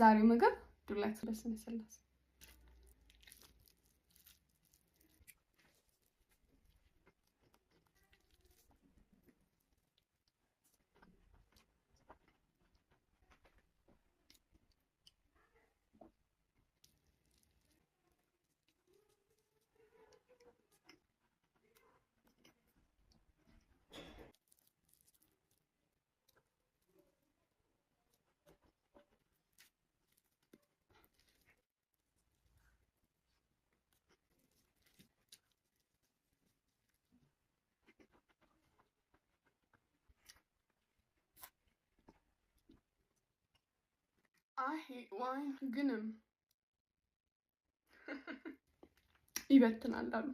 የዛሬው ምግብ ዱላችሁ። በስመ ስላሴ hate wine ግንም ይበትናል አሉ።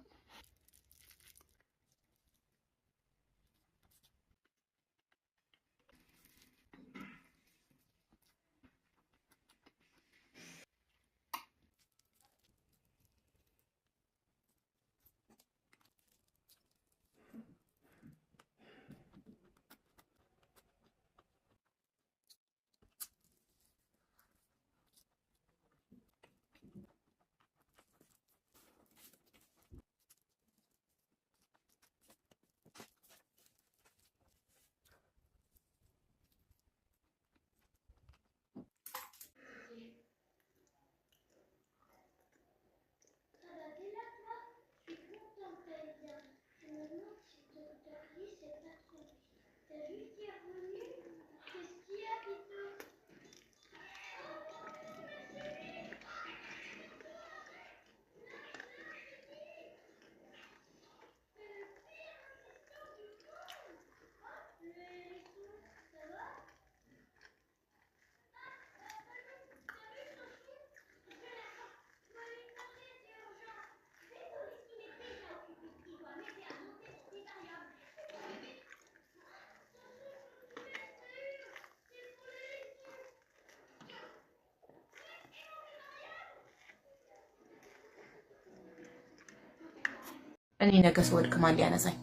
እኔ ነገ ስወድቅ ማን ሊያነሳኝ?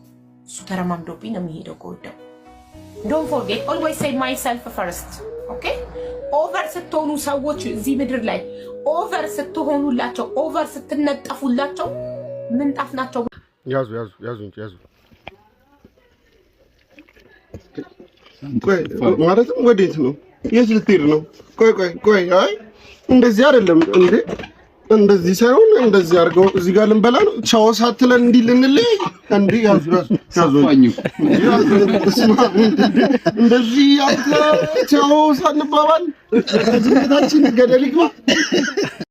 እሱ ተረማምዶብኝ ነው የሚሄደው ከወደው። ዶንት ፎርጌት ኦልዌይስ ሴይ ማይ ሰልፍ ፈርስት ኦኬ። ኦቨር ስትሆኑ ሰዎች እዚህ ምድር ላይ ኦቨር ስትሆኑላቸው፣ ኦቨር ስትነጠፉላቸው ምንጣፍ ናቸው። ያዙ ያዙ ያዙ እንጂ ያዙ ማለትም ወዴት ነው? የት ልትሄድ ነው? ቆይ ቆይ ቆይ፣ አይ እንደዚህ አይደለም እንዴ እንደዚህ ሳይሆን እንደዚህ አድርገው እዚህ ጋር ልንበላ ነው። ቻው ሳትለን እንዲህ ልንለይ እንዲህ እንደዚህ ያለ ቻው ሳንባባል ዝምታችን ገደል ይግባ።